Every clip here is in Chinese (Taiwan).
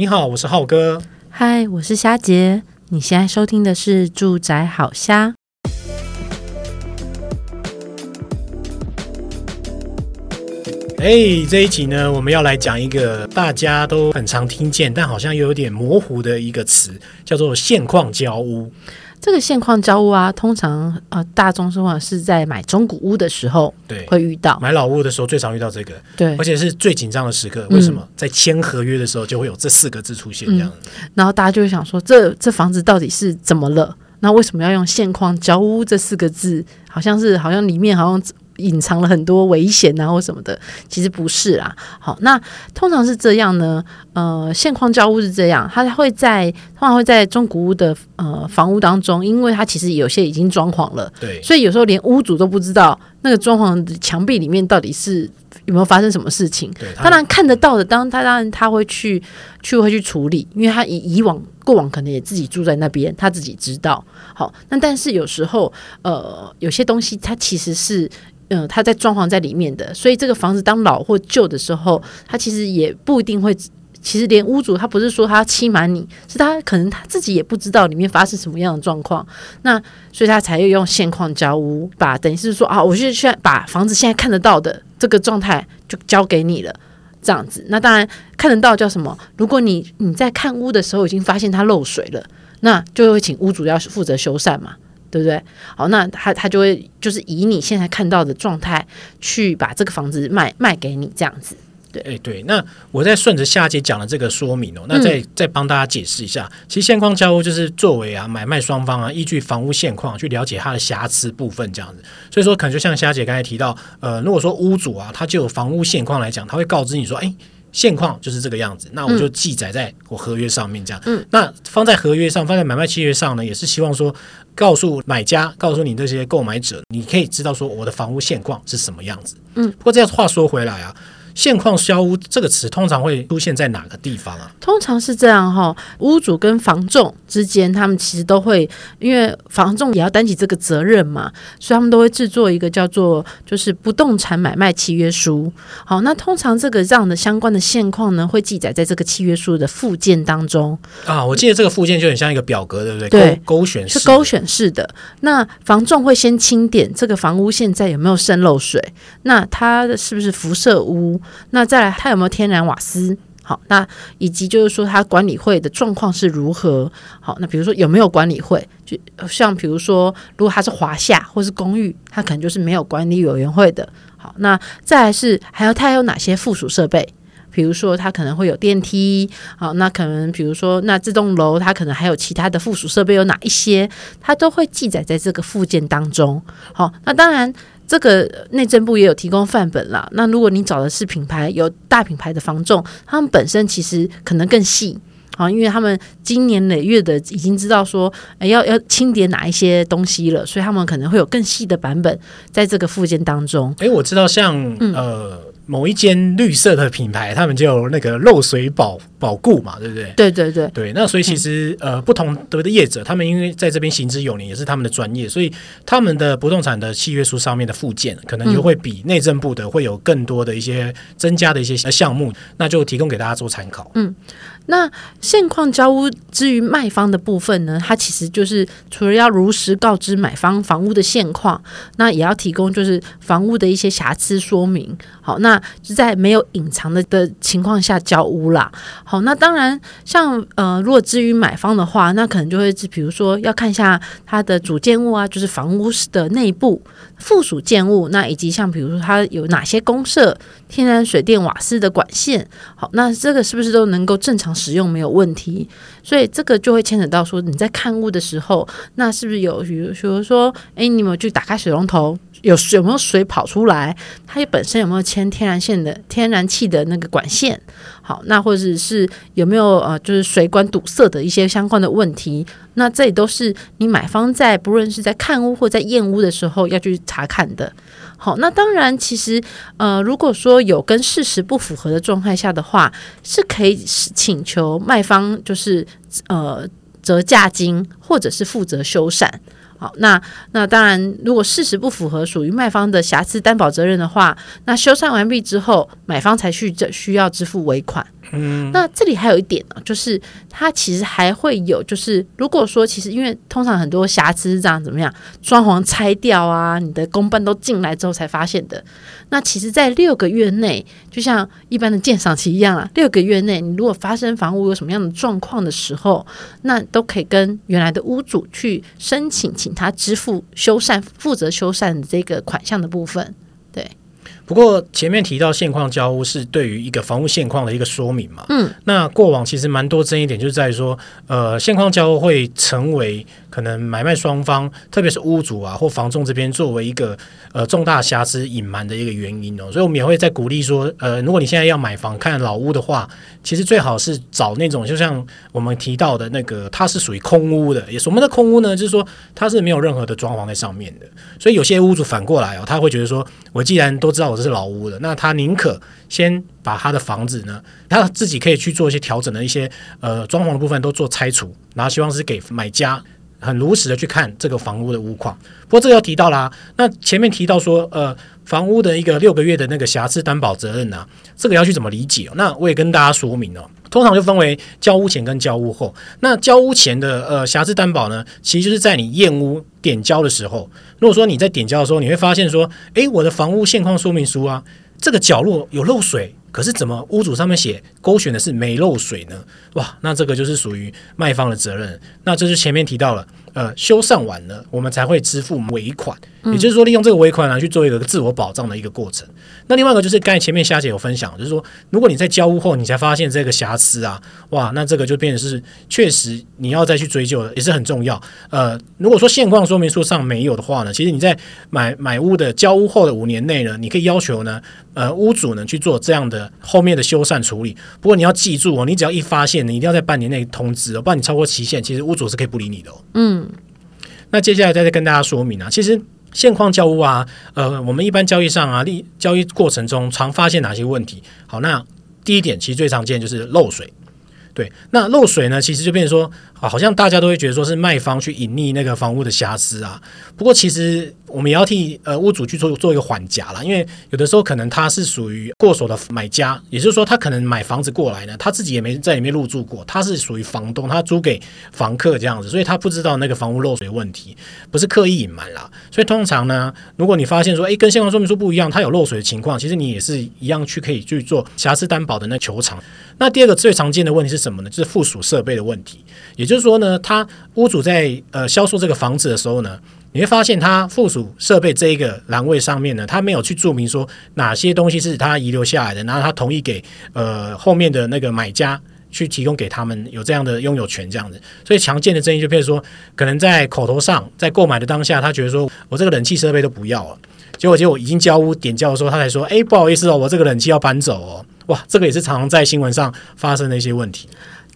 你好，我是浩哥。嗨，我是蝦杰。你現在收聽的是《住宅好蝦》。哎，這一集呢，我們要來講一個大家都很常聽見，但好像又有點模糊的一個詞，叫做“現況交屋”。這個現況交屋啊，通常啊、呃，大眾說話是在買中古屋的時候，對，會遇到買老屋的時候最常遇到這個，對，而且是最緊張的時刻。為什麼在簽合約的時候就會有這四個字出現、嗯、這樣、嗯？然後大家就會想說，這這房子到底是怎麼了？那為什麼要用現況交屋這四個字？好像是好像裡面好像。隱藏了很多危險啊或什麼的，其實不是啦。好，那通常是這樣呢。呃，現況交屋是這樣，他會在通常會在中古屋的呃房屋當中，因為他其實有些已經裝潢了，對，所以有時候連屋主都不知道那個裝潢的牆壁裡面到底是有沒有發生什麼事情。當然看得到的，當他當然他會去去會去處理，因為他以以往，過往可能也自己住在那邊，他自己知道。好，那但是有時候，呃，有些東西它其實是，呃，它在裝潢在裡面的，所以這個房子當老或舊的時候，他其實也不一定會。其實連屋主他不是說他欺瞞你，是他可能他自己也不知道裡面發生什麼樣的狀況，那所以他才又用現況交屋吧，等於是說啊，我就去，去把房子現在看得到的這個狀態就交給你了。這樣子，那當然看得到叫什麼？如果你你在看屋的時候已經發現它漏水了，那就會請屋主要負責修繕嘛，對不對？好，那他他就會就是以你現在看到的狀態去把這個房子賣賣給你，這樣子。哎，對，那我再順着夏姐講的這個說明哦，那再再幫大家解釋一下。嗯、其實現況交屋就是作為啊買賣雙方啊，依據房屋現況、啊、去了解它的瑕疵部分這樣子。所以說，可能就像夏姐剛才提到，呃，如果說屋主啊，他就有房屋現況來講，他會告知你說，哎，現況就是這個樣子，那我就記載在我合約上面這樣。嗯、那放在合約上，放在買賣契約上呢，也是希望說，告訴買家，告訴你這些購買者，你可以知道說我的房屋現況是什麼樣子。嗯，不過這樣話說回來啊。現況交屋這個詞通常會出現在哪個地方啊？通常是這樣哈，屋主跟房仲之間，他們其實都會，因為房仲也要擔起這個責任嘛，所以他們都會制作一個叫做就是不動產買賣契約書。好，那通常這個這樣的相關的現況呢，會記載在這個契約書的附件當中啊。我記得這個附件就很像一個表格，對不對？對，勾、勾選式是勾選式的。那房仲會先清點這個房屋現在有沒有滲漏水，那它是不是輻射屋？那再來，它有沒有天然瓦斯？好，那以及就是說，它管理會的狀況是如何？好，那比如說有沒有管理會？就像比如說，如果它是華廈或是公寓，它可能就是沒有管理委員會的。好，那再來是還有它有哪些附屬設備？比如說它可能會有電梯。好，那可能比如說，那這棟樓它可能還有其他的附屬設備有哪一些？它都會記載在這個附件當中。好，那當然。這個內政部也有提供範本啦。那如果你找的是品牌、有大品牌的房仲，他們本身其實可能更細啊，因為他們經年累月的已經知道說、欸、要要清點哪一些東西了，所以他們可能會有更細的版本在這個附件當中。誒、欸，我知道像，像、嗯、呃。某一間綠色的品牌，他們就有那個漏水保保固，嘛，對不對？對對對。對，那所以其實、嗯、呃，不同的業者，他們因為在這邊行之有年，也是他們的專業，所以他們的不動產的契約書上面的附件，可能就會比內政部的會有更多的一些增加的一些項目，嗯、那就提供給大家做參考。嗯。那現況交屋之於賣方的部分呢，它其實就是除了要如實告知買方房屋的現況，那也要提供就是房屋的一些瑕疵說明。好，那就在沒有隱藏的的情況下交屋啦。好，那當然像呃，如果之於買方的話，那可能就會是比如說要看一下它的主建物啊，就是房屋的內部。附屬建物，那以及像比如說它有哪些公設、天然水電、瓦斯的管線，好，那這個是不是都能夠正常使用，沒有問題？所以這個就會牽扯到說你在看物的時候，那是不是有，比如說，哎，你們去打開水龍頭？有有沒有水跑出來？它也本身有沒有牽天然線的天然氣的那個管線？好，那或者是有沒有呃，就是水管堵塞的一些相關的問題？那這也都是你買方在不論是在看屋或在驗屋的時候要去查看的。好，那當然，其實呃，如果說有跟事實不符合的狀態下的話，是可以請求賣方就是呃折價金，或者是負責修繕。好，那那當然，如果事實不符合屬於賣方的瑕疵擔保責任的話，那修繕完畢之後，買方才去這需要支付尾款。嗯，那這裡還有一點呢、啊，就是它其實還會有，就是如果說其實因為通常很多瑕疵是這樣怎麼樣，裝潢拆掉啊，你的工班都進來之後才發現的。那其實，在六個月內，就像一般的鑑賞期一樣啊，六個月內你如果發生房屋有什麼樣的狀況的時候，那都可以跟原來的屋主去申請，請他支付修繕負責修繕這個款項的部分。不過前面提到現況交屋是對於一個房屋現況的一個說明嘛？嗯，那過往其實蠻多爭議點就是在於說，呃，現況交屋會成為可能買賣雙方，特別是屋主啊或房仲這邊，作為一個呃重大瑕疵隱瞞的一個原因哦。所以我們也會再鼓勵說，呃，如果你現在要買房看老屋的話，其實最好是找那種就像我們提到的那個，它是屬於空屋的。也什麼叫空屋呢，就是說它是沒有任何的裝潢在上面的。所以有些屋主反過來哦，他會覺得說，我既然都知道我。不是老屋的，那他寧可先把他的房子呢，他自己可以去做一些調整的一些呃裝潢的部分都做拆除，然後希望是給買家。很如實的去看這個房屋的屋況，不過這個要提到啦。那前面提到說，呃，房屋的一個六個月的那個瑕疵擔保責任吶、啊，這個要去怎麼理解、哦？那我也跟大家說明哦，通常就分為交屋前跟交屋後。那交屋前的呃瑕疵擔保呢，其實就是在你驗屋點交的時候，如果說你在點交的時候，你會發現說，哎，我的房屋現況說明書啊，這個角落有漏水。可是怎麼屋主上面寫勾選的是沒漏水呢？哇，那這個就是屬於賣方的責任。那這是前面提到了，呃，修繕完了我們才會支付尾款。嗯，也就是說利用這個尾款來去做一個自我保障的一個過程。那另外一個就是剛才前面夏姐有分享，就是說如果你在交屋後你才發現這個瑕疵啊，哇，那這個就變成是確實你要再去追究了，也是很重要。呃，如果說現況說明書上沒有的話呢，其實你在買買屋的交屋後的五年內呢，你可以要求呢。呃，屋主呢，去做這樣的後面的修繕處理，不過你要記住哦，你只要一發現，你一定要在半年內通知哦，不然你超過期限，其實屋主是可以不理你的哦。嗯，那接下來再跟大家說明啊，其實現況交屋啊，呃，我們一般交易上啊，立交易過程中常發現哪些問題？好，那第一點其實最常見就是漏水，對，那漏水呢，其實就變成說。啊，好像大家都會覺得說是賣方去隱匿那個房屋的瑕疵啊。不過其實我們也要替呃屋主去做做一個緩頰啦，因為有的時候可能他是屬於過手的買家，也就是說他可能買房子過來呢，他自己也沒在裡面入住過，他是屬於房東，他租給房客這樣子，所以他不知道那個房屋漏水的問題，不是刻意隱瞞啦。所以通常呢，如果你發現說哎、欸、跟現況說明書不一樣，它有漏水的情況，其實你也是一樣去可以去做瑕疵擔保的那求償。那第二個最常見的問題是什麼呢？就是附屬設備的問題，也就是也就是說呢，他屋主在呃銷售這個房子的時候呢，你會發現他附屬設備這一個欄位上面呢，他沒有去註明說哪些東西是他遺留下來的，然後他同意給呃後面的那個買家去提供給他們有這樣的擁有權這樣子。所以常見的爭議就譬如說，可能在口頭上，在購買的當下，他覺得說我這個冷氣設備都不要了，結果結果已經交屋點交的時候，他才說哎、欸、不好意思哦，我這個冷氣要搬走哦，哇，這個也是常常在新聞上發生的一些問題。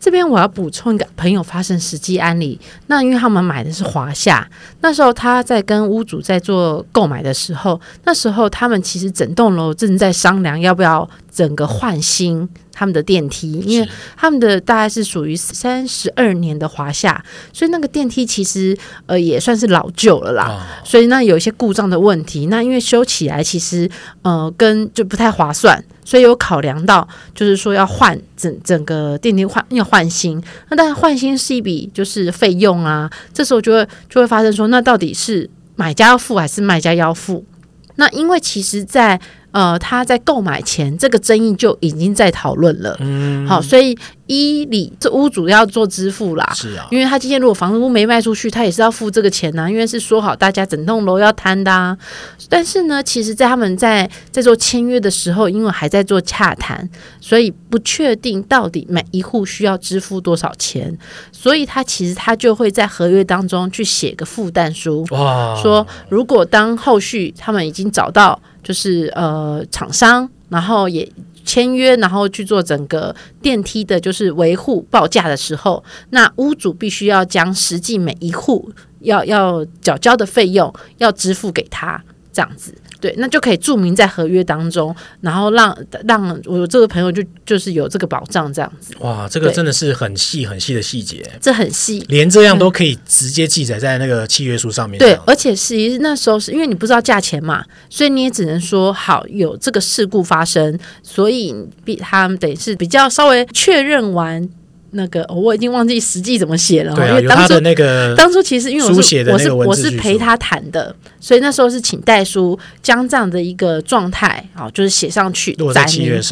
這邊我要補充一個朋友發生實際案例，那因為他們買的是華廈，那時候他在跟屋主在做購買的時候，那時候他們其實整棟樓正在商量要不要整個換新他們的電梯，因為他們的大概是屬於三十二年的華廈，所以那個電梯其實呃也算是老舊了啦。所以那有一些故障的問題，那因為修起來其實呃跟就不太划算，所以有考量到就是說要換整整個電梯換要換新。那但換新是一筆就是費用啊，這時候就會就會發生說，那到底是買家要付還是賣家要付？那因為其實，在呃，他在購買前，這個爭議就已經在討論了。嗯，好，所以伊理這屋主要做支付啦，是啊，因為他今天如果房屋沒賣出去，他也是要付這個錢呢，啊，因為是說好大家整棟樓要攤的，啊。但是呢，其實，在他們在在做簽約的時候，因為還在做洽談，所以不確定到底每一戶需要支付多少錢，所以他其實他就會在合約當中去寫個負擔書，哇，說如果當後續他們已經找到。就是呃，廠商，然後也簽約，然後去做整個電梯的，就是維護報價的時候，那屋主必須要將實際每一戶要要繳交的費用要支付給他，這樣子。對，那就可以注明在合約當中，然後讓讓我這個朋友就就是有這個保障，這樣子。哇，這個真的是很細很細的細節，這很細，連這樣都可以直接記載在那個契約書上面。嗯，對，而且是那時候是因為你不知道價錢嘛，所以你也只能說好，有這個事故發生，所以比他們等於是比較稍微確認完。那個、哦，我已經忘記實際怎麼寫了。啊、因為當初，那個、那個。當初其實因為我是我是我是陪他談的，所以那時候是請代書將這樣的一個狀態啊，就是寫上去落在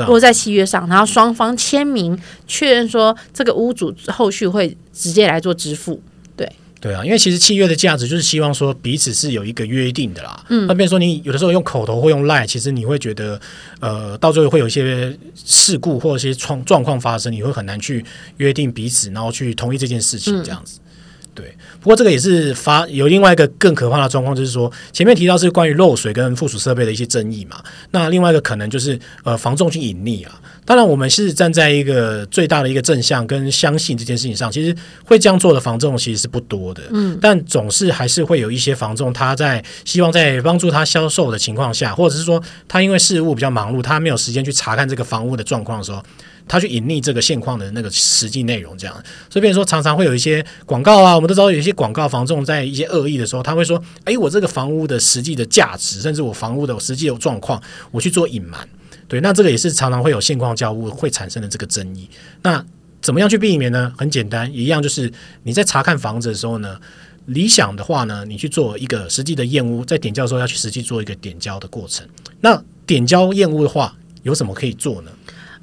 落在契約上，然後雙方簽名確認說這個屋主後續會直接來做支付，對。對啊，因為其實契約的價值就是希望說彼此是有一個約定的啦。嗯，那比如說你有的時候用口頭或用賴，其實你會覺得，呃，到最後會有一些事故或者一些狀狀況發生，你會很難去約定彼此，然後去同意這件事情這樣子。嗯對，不過這個也是發有另外一個更可怕的狀況，就是說前面提到是關於漏水跟附屬設備的一些爭議嘛。那另外一個可能就是呃，房仲去隱匿啊。當然，我們是站在一個最大的一個正向跟相信這件事情上，其實會這樣做的房仲其實是不多的。嗯，但總是還是會有一些房仲，他在希望在幫助他銷售的情況下，或者是說他因為事務比較忙碌，他沒有時間去查看這個房屋的狀況的時候。他去隱匿這個現況的那個實際內容，這樣，所以變成說常常會有一些廣告啊，我們都知道有一些廣告房仲在一些惡意的時候，他會說，哎，我這個房屋的實際的價值，甚至我房屋的實際的狀況，我去做隱瞞，對，那這個也是常常會有現況交屋會產生的這個爭議。那怎麼樣去避免呢？很簡單，一樣，就是你在查看房子的時候呢，理想的話呢，你去做一個實際的驗屋，在點交的時候要去實際做一個點交的過程。那點交驗屋的話，有什麼可以做呢？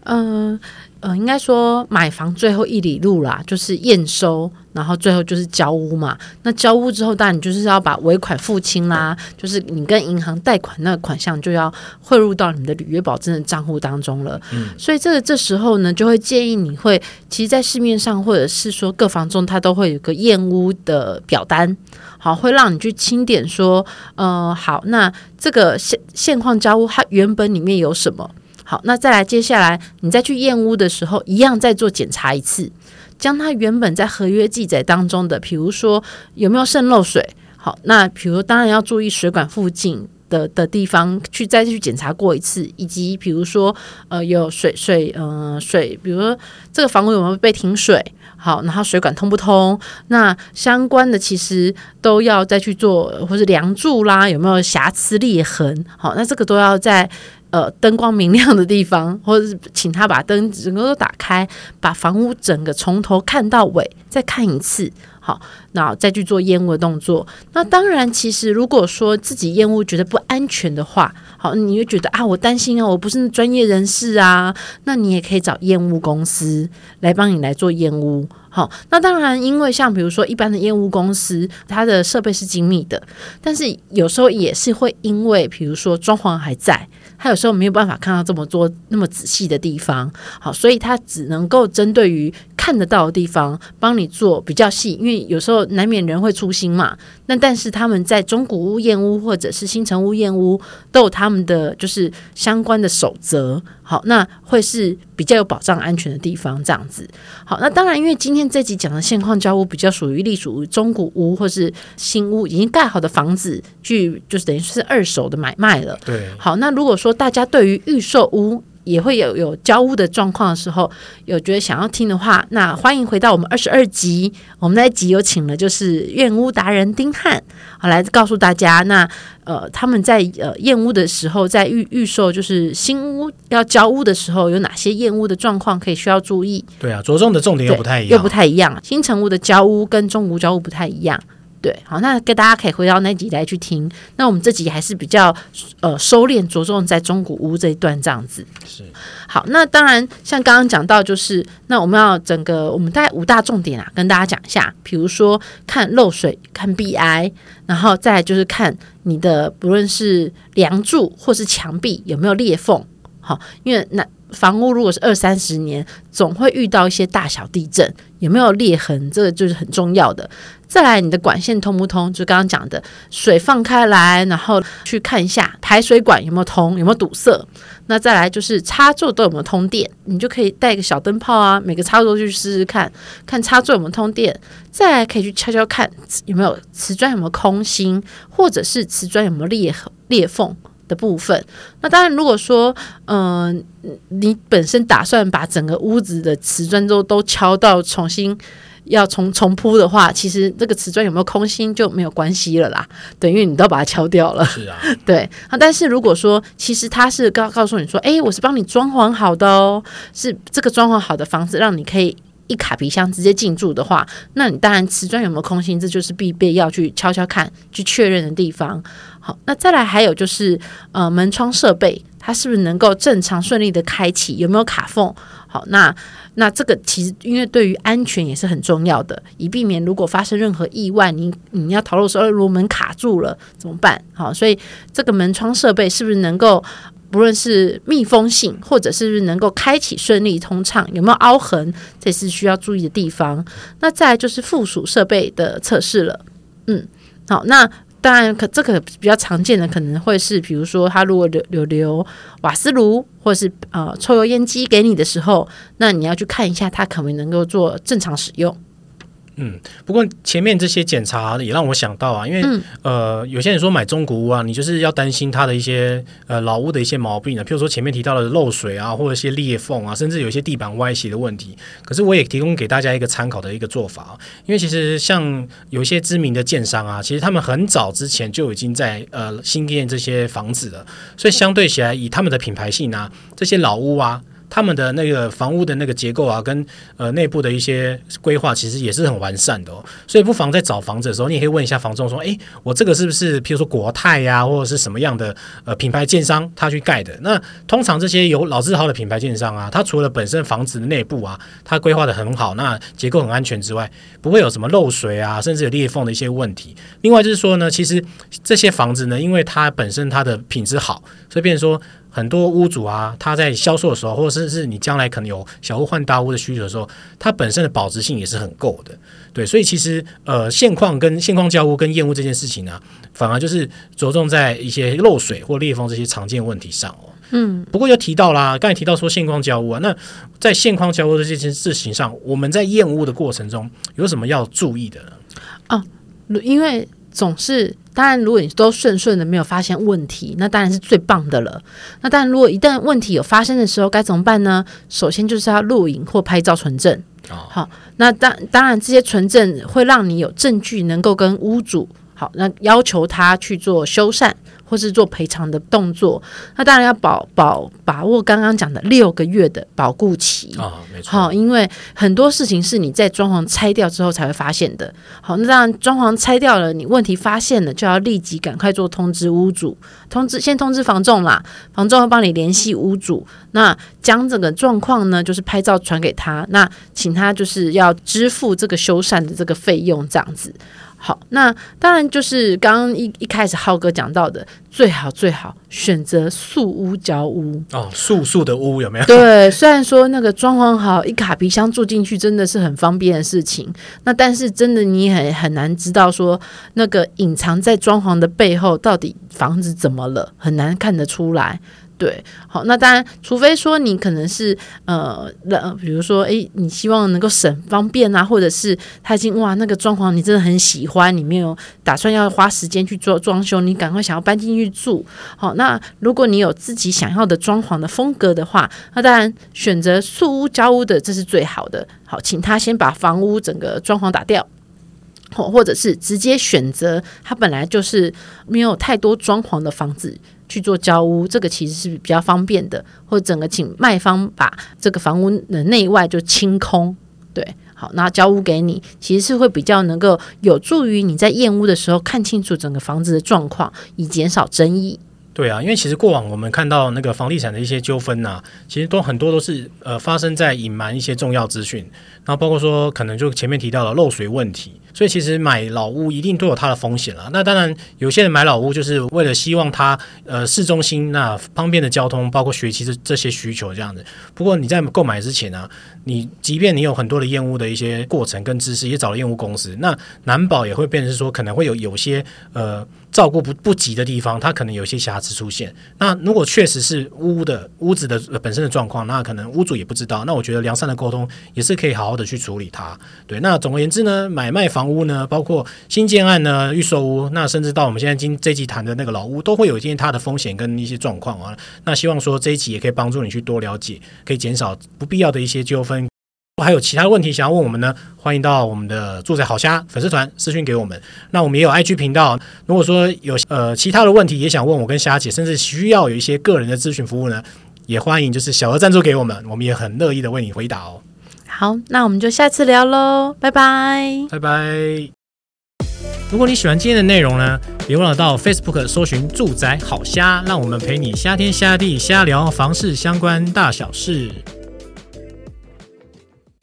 嗯呃，呃，應該說買房最後一里路啦，就是驗收，然後最後就是交屋嘛。那交屋之後，當然你就是要把尾款付清啦，啊，就是你跟銀行貸款那個款項就要匯入到你的履約保證的賬戶當中了。嗯、所以這個、這時候呢，就會建議你會，其實，在市面上或者是說各房中，它都會有個驗屋的表單，好，會讓你去清點說，嗯、呃，好，那這個現現況交屋它原本裡面有什麼？好，那再來，接下來你再去驗屋的時候，一樣再做檢查一次，將它原本在合約記載當中的，比如說有沒有滲漏水。好，那比如當然要注意水管附近的的地方去再去檢查過一次，以及比如說呃有水水嗯水，比如說這個房屋有沒有被停水？好，然後水管通不通？那相關的其實都要再去做，或是梁柱啦有沒有瑕疵裂痕？好，那這個都要在。呃，燈光明亮的地方，或者是請他把燈整個都打開，把房屋整個從頭看到尾，再看一次。好，那好再去做驗屋的動作。那當然，其實如果說自己驗屋覺得不安全的話，好，你又覺得啊，我擔心啊，我不是專業人士啊。那你也可以找驗屋公司來幫你來做驗屋。好，那當然，因為像比如說一般的驗屋公司，它的設備是精密的，但是有時候也是會因為比如說裝潢還在。他有時候沒有辦法看到這麼多那麼仔細的地方，好，所以他只能夠針對於。看得到的地方，幫你做比較細，因為有時候難免人會粗心嘛。那但是他們在中古屋、驗屋或者是新成屋驗屋都有他們的就是相關的守則，好，那會是比較有保障、安全的地方這樣子。好，那當然，因為今天這集講的現況交屋比較屬於隸屬於中古屋或是新屋已經蓋好的房子，去就是等於是二手的買賣了。對，好，那如果說大家對於預售屋，也會有有交屋的狀況的時候，有覺得想要聽的話，那歡迎回到我們二十二集。我們那集有請了就是驗屋達人丁漢，好來告訴大家，那呃他們在呃驗屋的時候，在預預售就是新屋要交屋的時候，有哪些驗屋的狀況可以需要注意？對啊，着重的重點又不太一樣，又不太一樣，新成屋的交屋跟中古屋交屋不太一樣。對，好，那跟大家可以回到那幾集去聽。那我們這集還是比較呃收斂，着重在中古屋這一段這樣子。是，好，那當然像剛剛講到，就是那我們要整個我們大概五大重點啊，跟大家講一下。比如說看漏水，看壁癌，然後再來就是看你的不論是梁柱或是牆壁有沒有裂縫。好，因為那。房屋如果是二三十年，總會遇到一些大小地震，有沒有裂痕，這個就是很重要的。再來，你的管線通不通，就剛剛講的水放開來，然後去看一下排水管有沒有通，有沒有堵塞。那再來就是插座都有沒有通電，你就可以帶一個小燈泡啊，每個插座去試試看，看插座有沒有通電。再來可以去敲敲看，有沒有瓷磚有沒有空心，或者是瓷磚有沒有裂裂縫的部分，那當然，如果說，嗯、呃，你本身打算把整個屋子的瓷磚都都敲到，重新要重重鋪的話，其實這個瓷磚有沒有空心就沒有關係了啦。對，因為你都要把它敲掉了。是啊，對。那但是如果說，其實他是告告訴你說，哎，我是幫你裝潢好的哦，是這個裝潢好的房子，讓你可以一卡皮箱直接進住的話，那你當然瓷磚有沒有空心，這就是必備要去敲敲看、去確認的地方。好，那再來還有就是，呃，門窗設備它是不是能夠正常順利的開啟，有沒有卡縫？好，那那這個其實因為對於安全也是很重要的，以避免如果發生任何意外，你你要討論說如果門卡住了怎麼辦？好，所以這個門窗設備是不是能夠不論是密封性，或者是不是能夠開啟順利通暢，有沒有凹痕，這是需要注意的地方。那再來就是附屬設備的測試了。嗯，好，那。當然，可這個比較常見的可能會是，比如說他如果留留留瓦斯爐，或者是呃抽油煙機給你的時候，那你要去看一下，它可沒能，能夠做正常使用。嗯，不過前面這些檢查也讓我想到啊，因為呃，有些人說買中古屋啊，你就是要擔心它的一些呃老屋的一些毛病啊，譬如說前面提到的漏水啊，或者一些裂縫啊，甚至有一些地板歪斜的問題。可是我也提供給大家一個參考的一個做法啊，因為其實像有些知名的建商啊，其實他們很早之前就已經在呃新建這些房子了，所以相對起來以他們的品牌性啊，這些老屋啊。他們的那個房屋的那個結構啊，跟呃內部的一些規劃其實也是很完善的哦，所以不妨在找房子的時候，你也可以問一下房東說：“誒、欸，我這個是不是比如說國泰呀、啊，或者是什麼樣的呃品牌建商他去蓋的？”那通常這些有老字號的品牌建商啊，它除了本身房子的內部啊，它規劃得很好，那結構很安全之外，不會有什麼漏水啊，甚至有裂縫的一些問題。另外就是說呢，其實這些房子呢，因為它本身它的品質好，所以變說。很多屋主啊，他在銷售的時候，或者甚至是你將來可能有小屋換大屋的需求的時候，它本身的保值性也是很夠的，對。所以其實呃，現況跟現況交屋跟驗屋這件事情啊，反而就是着重在一些漏水或裂縫這些常見問題上哦。嗯。不過又提到啦、啊，剛才提到說現況交屋啊，那在現況交屋的這件事情上，我們在驗屋的過程中有什麼要注意的呢？哦，因為總是，當然，如果你都順順的沒有發現問題，那當然是最棒的了。那當然，如果一旦問題有發生的時候，該怎麼辦呢？首先就是要錄影或拍照存證。哦。好，那當當然，這些存證會讓你有證據，能夠跟屋主好，那要求他去做修繕。或是做賠償的動作，那當然要保保把握剛剛講的六個月的保固期啊、哦，沒錯，好，因為很多事情是你在裝潢拆掉之後才會發現的。好，那當然裝潢拆掉了，你問題發現了，就要立即趕快做通知屋主，通知先通知房仲啦，房仲會幫你聯繫屋主、嗯，那將整個狀況呢，就是拍照傳給他，那請他就是要支付這個修繕的這個費用這樣子。好，那當然就是剛剛一一開始浩哥講到的，最好最好選擇素屋、交屋哦，素素的屋有沒有？對，雖然說那個裝潢好，一卡皮箱住進去真的是很方便的事情，那但是真的你很很難知道說那個隱藏在裝潢的背後到底房子怎麼了，很難看得出來。對，好，那當然，除非說你可能是呃，那比如說，哎，你希望能夠省方便啊，或者是他已經哇，那個裝潢你真的很喜歡，你沒有打算要花時間去做裝修，你趕快想要搬進去住。好，那如果你有自己想要的裝潢的風格的話，那當然選擇素屋、交屋的這是最好的。好，請他先把房屋整個裝潢打掉，好、哦，或者是直接選擇他本來就是沒有太多裝潢的房子。去做交屋，這個其實是比較方便的，或者整個請賣方把這個房屋的內外就清空，對，好，那交屋給你，其實是會比較能夠有助於你在驗屋的時候看清楚整個房子的狀況，以減少爭議。對啊，因為其實過往我們看到那個房地產的一些糾紛啊，其實都很多都是呃發生在隱瞞一些重要資訊，然後包括說可能就前面提到了漏水問題，所以其實買老屋一定都有它的風險了、啊。那當然有些人買老屋就是為了希望它呃市中心那旁邊的交通，包括學區的這,這些需求這樣子。不過你在購買之前啊，你即便你有很多的驗屋的一些過程跟知識，也找了驗屋公司，那難保也會變成是說可能會有有些呃。照顧不不及的地方，它可能有一些瑕疵出現。那如果確實是屋的屋子的、呃、本身的狀況，那可能屋主也不知道。那我覺得良善的溝通也是可以好好的去處理它。對，那總而言之呢，買賣房屋呢，包括新建案呢，預售屋，那甚至到我們現在今這一集談的那個老屋，都會有一些它的風險跟一些狀況啊。那希望說這一集也可以幫助你去多了解，可以減少不必要的一些糾紛。還有其他問題想要問我們呢？歡迎到我們的住宅好蝦粉絲團私訊給我們。那我們也有 IG 頻道，如果說有呃其他的問題也想問我跟蝦姐，甚至需要有一些個人的諮詢服務呢，也歡迎就是小額贊助給我們，我們也很樂意的為你回答哦。好，那我們就下次聊嘍，拜拜，拜拜。如果你喜歡今天的內容呢，別忘了到 Facebook 搜尋住宅好蝦，讓我們陪你瞎天瞎地瞎聊房事相關大小事。